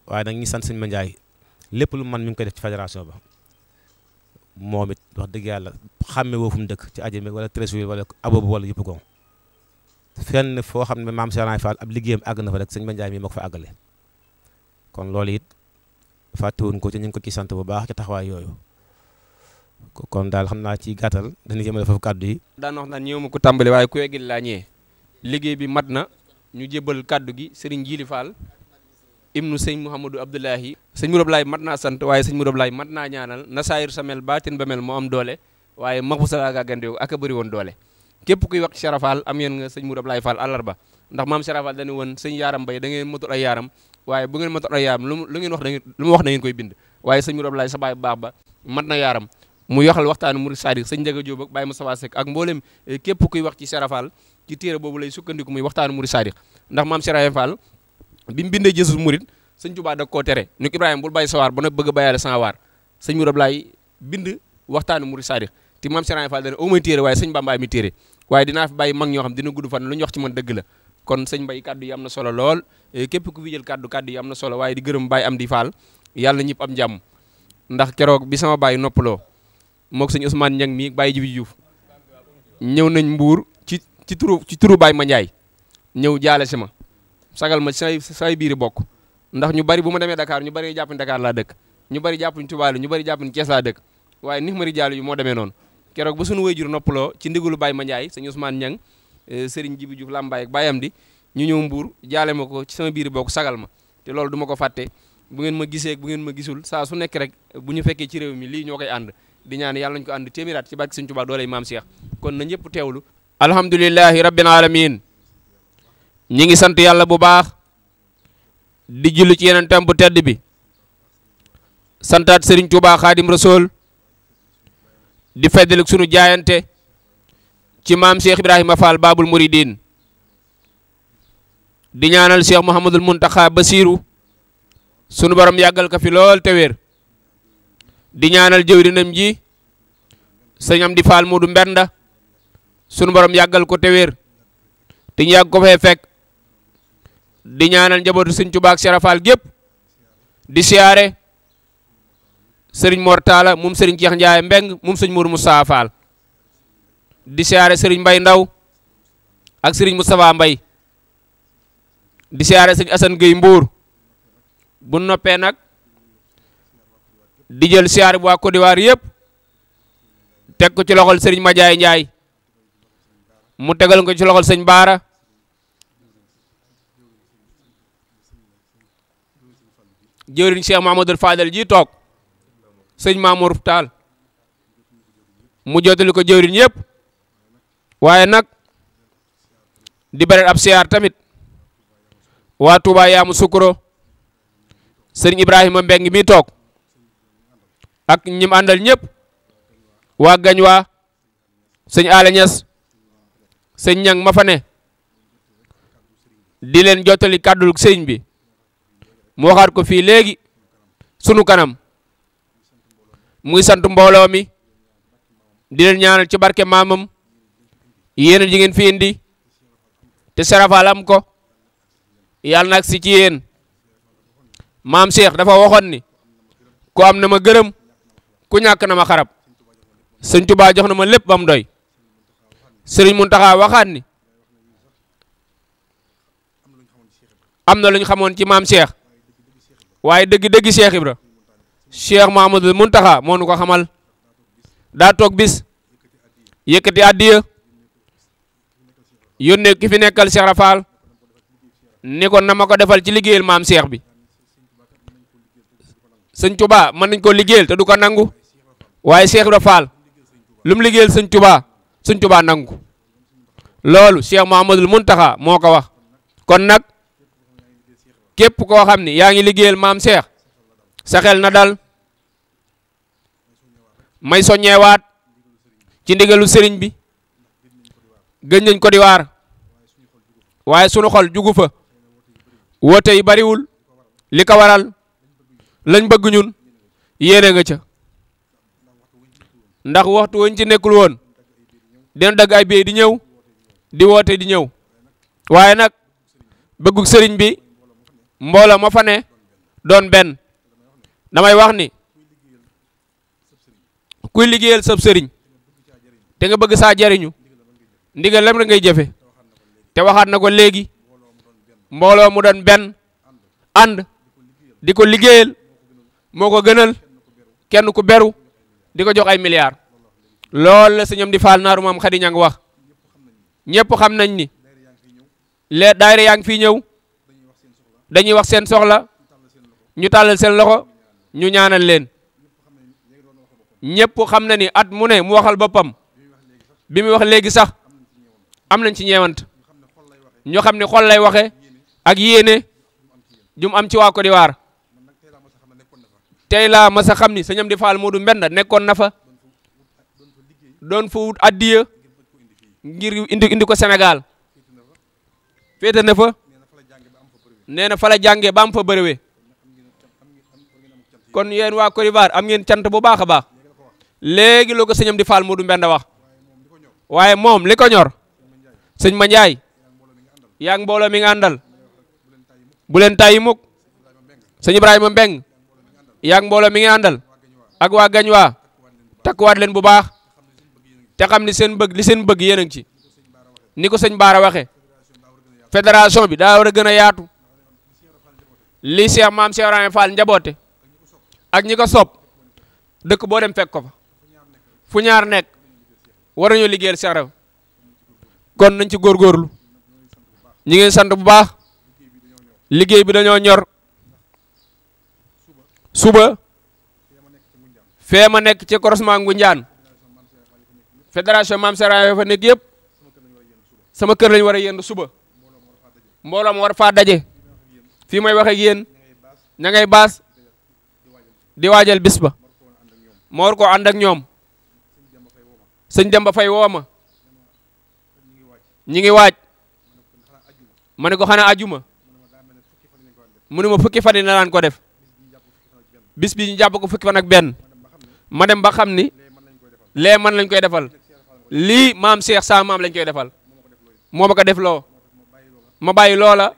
waaye nag ñu sant sëñ Mandiaye lépp lu man mi ngi koy def ci fédération ba moom it wax dëgg yàlla xàmme woo fu mu dëkk ci ajame wala Treichville wala Abobo wala yëpp ko fenn foo xam ne maam Serigne Fall ab liggéeyam àgg na fa rek sëñ Mandiaye mii moo ko fa àggale kon loolu it fàttewuñ ko ci ñu ko ci sant bu baax ca taxawaay yooyu kon daal xam naa ci gàttal dañu jëmale foofu kàddu yi. daan wax ma ko tàmbali waaye ku yeggil laa ñëwee liggéey bi mat na ñu jébbal kàddu gi Serigne Djili Fall ibnu sëñ Mouhamadou Abdoulahi. sëñ Mourou Abdoulaye mat naa sant waaye sëñ Mourou laay mat naa ñaanal na sa nasaayir samel baatin ba mel moo am doole waaye maxbu salaaga gàndeew ak a bëri doole. képp kuy wax ci Serafal am yéen nga sëñ Mourou Ablaye Fall àllarba ndax maam Serafal dañu woon sëñ yaaram bay da ngeen matul ay yaaram waaye bu ngeen matul ay yaaram lu lu ngeen wax da ngeen lu mu wax da ngeen koy bind waaye sëñ Mourou Ablaye sa baay bu mu yoxal waxtaanu Mourou Sadik sëñ Ndiaga Diop ak Baye Moustapha Seck ak mboolem eh, képp kuy wax ci Serafal ci téere boobu lay sukkandiku muy waxtaanu Mourou Sadik ndax maam Serafal Fall bi mu bindee Jésus Mouride sëñ Touba da koo tere ñu Ibrahima bul bay sawaar ba na bëgg a bayaale sans waar sëñ Mourou Ablaye bind waxtaanu Mourou Sadik te maam Serafal dana au waaye sëñ Bamba mi téere waaye dinaa fi bàyyi mag ñoo xam dina gudd fan lu ñu wax ci man dëgg la kon sëñ Mbaye kàddu yi am na solo lool eh, képp ku fi jël kàddu kàddu yi am na solo waaye di gërëm Baye Amdi Fall yàlla ñëpp am jàmm ndax keroog bi sama baay noppaloo moog sëñ Ousmane Niang mi Baye Jibi Diouf ñëw nañ mbuur ci ci turu ci turu Baye Mandiaye ñëw jaale si ma sagal ma say say biiri bokk ndax ñu bari bu ma demee Dakar ñu bari jàpp ni Dakar laa dëkk ñu bari jàpp ni Touba ñu bari jàpp ni Thiès laa dëkk waaye ni ma ri jaalu yu moo demee noonu keroog ba suñu wayjur noppaloo ci ndigalu Baye Mandiaye sëñ Ousmane Niang eh, sëriñ Jibi Diouf lambaay ak Bayam di ñu ñëw mbuur jaale ma ko ci sama biir ko sagal ma te loolu duma ko fàtte bu ngeen ma gisee bu ngeen ma gisul saa su nekk rek bu ñu fekkee ci réew mi lii ñoo koy ànd di ñaan yàlla nañu ko ànd téeméeraat ci barke sëñ Tuubaa dooley maam Cheikh kon na ñëpp teewlu alhamdulilahi rabbil alamin ñi ngi sant yàlla bu baax di julli ci yeneen tam bu tedd bi santaat sëriñ Tuubaa Xaadim Rasuul di feddali sunu jaayante ci maam Cheikh Ibrahima Fall Babul Mouridine di ñaanal Cheikh Mouhamadul Mountakha Bassirou sunu borom yàggal ko fi lool te wér di ñaanal jëwrinam ji sëñ am di Fall Modou Mbenda sunu borom yàggal ko te wér te ñu yàgg di ñaanal njabootu sëñ Tuubaa ak Cheikh Fall gépp di siyaare sëriñ Mor Talla moom sëriñ Jeex Njaay Mbeng moom sëriñ Mourou Moussa Fall di siyaare sëriñ Mbay Ndaw ak sëriñ Moustapha Mbay di siyaare sëriñ Assane Gueye Mbour bu noppee nag di jël siyaare bu waa Côte d'Ivoire yëpp teg ko ci loxol sëriñ Majaay Njaay mu tegal ko ci loxol sëñ Baara jëwriñ Cheikh Mahamadul Fadel toog sëñ Mamour Tall mu jotali ko jëwriñ yëpp waaye nag di beral ab siyaar tamit waa Touba yaamu sukuro sëriñ Ibrahima Mbeng mi toog ak ñim àndal ñëpp waa gañ waa sëñ Ala Ñas sëñ ñang ma fa ne di leen jottali kàddul sëriñ bi mu waxaat ko fii léegi sunu kanam muy sant mbooloo mi di leen ñaanal ci barke maamam yéen ji ngeen fi indi te am ko yàlla nag si ci yéen maam Cheikh dafa waxoon ni ku am na ma gërëm ku ñàkk na ma xarab sëñ Tuubaa jox na ma lépp bam doy sëriñ Muntaxa waxaat ni am na luñ ñu xamoon ci maam Cheikh waaye dëgg dëgg Cheikh Ibra Cheikh Mahamadul Muntaxa moo nu ko xamal daa toog bis yëkkati addiya yónnee ki fi nekkal Cheikh Rafal ni ko na ma ko defal ci liggéeyal maam Cheikh bi sëñ Tuba mën nañ ko liggéeyal te du ko nangu waaye Cheikh Rafal lu mu liggéeyal sëñ Tuba sëñ Tuba nangu loolu Cheikh Mahamadul Muntaxa moo ko wax kon nag képp koo xam ne yaa ngi liggéeyal maam Cheikh sa xel na dal may soññeewaat ci ndigalu sëriñ bi gëj nañ ko di waar waaye sunu xol jugu fa woote yi bariwul li ko waral lañ bëgg ñun yéene nga ca ndax waxtu wañ ci nekkul woon dina dagg ay biey di ñëw di woote di ñëw waaye nag bëggug sëriñ bi mbooloo ma fa doon benn damay wax ni kuy liggéeyal sab sëriñ te nga bëgg saa jariñu ndigal lam rek ngay jëfe te waxaat na ko léegi mbooloo mu doon benn ànd di ko liggéeyal moo ko gënal kenn ku beru di ko jox ay milliards loolu la sëñam di faal naaru maam xadi ñang wax ñëpp xam nañ ni le daayira yaa ngi fii ñëw dañuy wax seen soxla ñu tàllal seen loxo ñu ñaanal leen ñëpp xam na ni at mu ne mu waxal boppam bi muy wax léegi sax am nañ ci ñeewant ñu xam ne xol lay waxe ak yéene jum am ci waa Côte d'Ivoire tey laa masa xam ni sëñam di faal Moodu Mbenda nekkoon na fa doon fa wut addiya ngir indi indi ko Sénégal féete na fa nee na fa la jàngee ba am fa kon yéen waa Côte am ngeen cant bu baax a baax léegi loo ko sëñam di faal Modou Mbenda wax waaye moom li ko ñor sëñ ma Njaay yaa mbooloo mi nga àndal bu leen tàyyi mukk sëñ Ibrahima Mbeng yaa mbooloo mi nga àndal ak waa waa takkuwaat leen bu baax te xam ni seen bëgg li seen bëgg yéen a ci ni ko sëñ Baara waxe fédération bi daa war a gën a yaatu li Cheikh maam Cheikh Ibrahima Fall njaboote ak ñi ko soob dëkk boo dem fekk ko fa fu ñaar nekk waruñu liggéeyal Cheikh Rew kon nañ ci góorgóorlu ñi ngi sant bu baax liggéey bi dañoo ñor suba fee ma nekk ci croisement Ngoundiane fédération Mame Cheikh Rew fa nekk yëpp sama kër lañu war a yéen suba mbooloo ma war faa daje fii may wax ak yéen ña baas di waajal bis ba ma war koo ànd ak ñoom sëñ ba Fay woo ma ñi ngi waaj ma ne ko xanaa ajuma mu nu ma fukki fan yi na daan ko def bis bi ñu jàpp ko fukki fan ak benn ma dem ba xam ni lee man lañ koy defal lii maam Cheikh sa maam lañ koy defal moo ma ko def loo ma bàyyi loola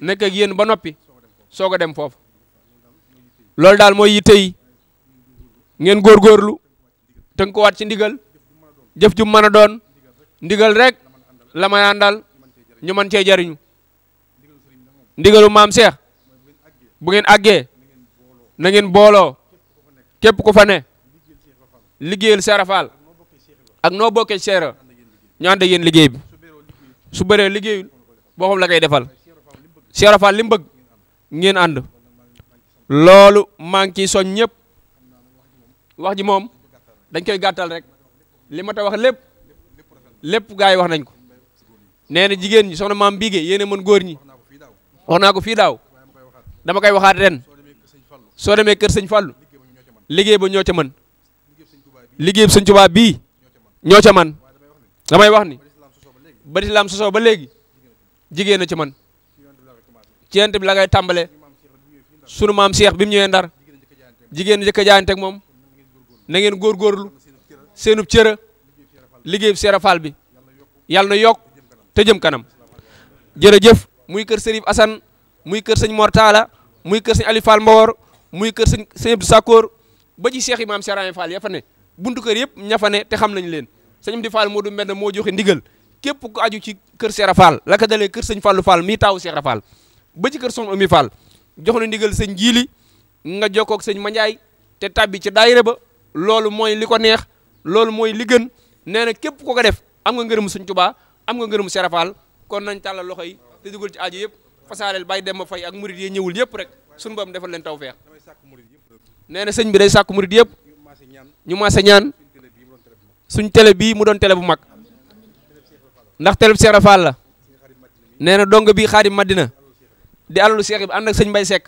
nekk ak yéen ba noppi soog a dem foofu loolu daal mooy yitte yi ngeen góorgóorlu tënkuwaat ci ndigal jëf ju mën a doon ndigal rek la may àndal ñu mën cee jariñu ndigalu maam Cheikh bu ngeen àggee na ngeen booloo képp ku fa ne liggéeyal seerafaal ak noo bokkee seera ñu ànd ak liggéey bi su bëree liggéeyul boo xam la defal seerafaal li mu ngeen ànd loolu maa ngi ciy soñ ñëpp wax ji moom dañ koy gàttal rek li ma ta wax lépp lépp gaay yi wax nañ ko nee na jigéen ñi soxna maam Bigué yéen a mën góor ñi wax naa ko fii daaw dama koy waxaat ren soo demee kër sëñ Fallou liggéey ba ñoo ca mën liggéey bi sëñ Tuubaa bii ñoo ca man damay wax ni ba lislaam sosoo ba léegi jigéen a ca man ci yent bi la ngay tàmbale sunu maam Cheikh bi mu ñëwee ndar jigéen njëkk a jaayanteeg moom na ngeen góorgóorlu seenub cëra liggéeyub Seera Faal bi yàlla na yokk te jëm kanam jërëjëf muy kër Serif Assane muy kër sëñ Mor Talla muy kër sëñ Aliou Fall Mbawor muy kër sëñ sëñ Abdou Sakkoor ba ci Cheikh Imaam Seraan Fall ya fa ne buntu kër yëpp ña fa te xam nañ leen sëñ Amdi Fall moo du mel ne moo joxe ndigal képp ku aju ci kër Seera Fall la ko dalee kër sëñ Fallou Fall mii taawu Seera Fall ba ci kër soxna Oumy jox na ndigal sëñ jiili nga jokkoog sëñ manjaay te tàbbi ci daayira ba loolu mooy li ko neex loolu mooy li gën nee na képp ko ko def am nga ngërëmu sëñ Tuubaa am nga ngërëmu Serapal kon nañ tàllal loxo yi te dugal ci aajo yëpp fasaaleel bàyyi dem ma fay ak murid yi ñëwul yëpp rek suñu borom defal leen tawfeex nee neena sëñ bi day sàkku murid yëpp ñu maase ñaan suñ tele bii mu doon tele bu mag ndax télé bu Serapal la nee na dong bii Xaadim Madina di alalu Cheikh bi ànd ak sëñ Mbaye Seck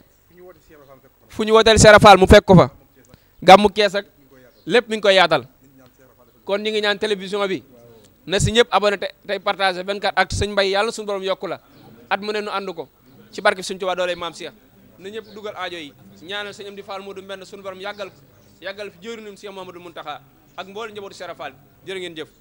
fu ñu wooteel Cheikh Fall mu fekk ko fa gàmmu kees ak lépp mi ngi koy yaatal kon ñu ngi ñaan télévision bi na si ñëpp abonné te tey partagé 24 ak sëñ mbay yàlla suñu borom yokku la at mu ne nu ànd ko ci barke suñu Tuubaa doole maam Cheikh na ñëpp dugal aajo yi ñaanal sëñ am di Fall Modou Mbène suñu borom yàggal yàggal fi jëriñu Cheikh mun Mountakha ak mboolem njabootu Cheikh Fall jërë ngeen jëf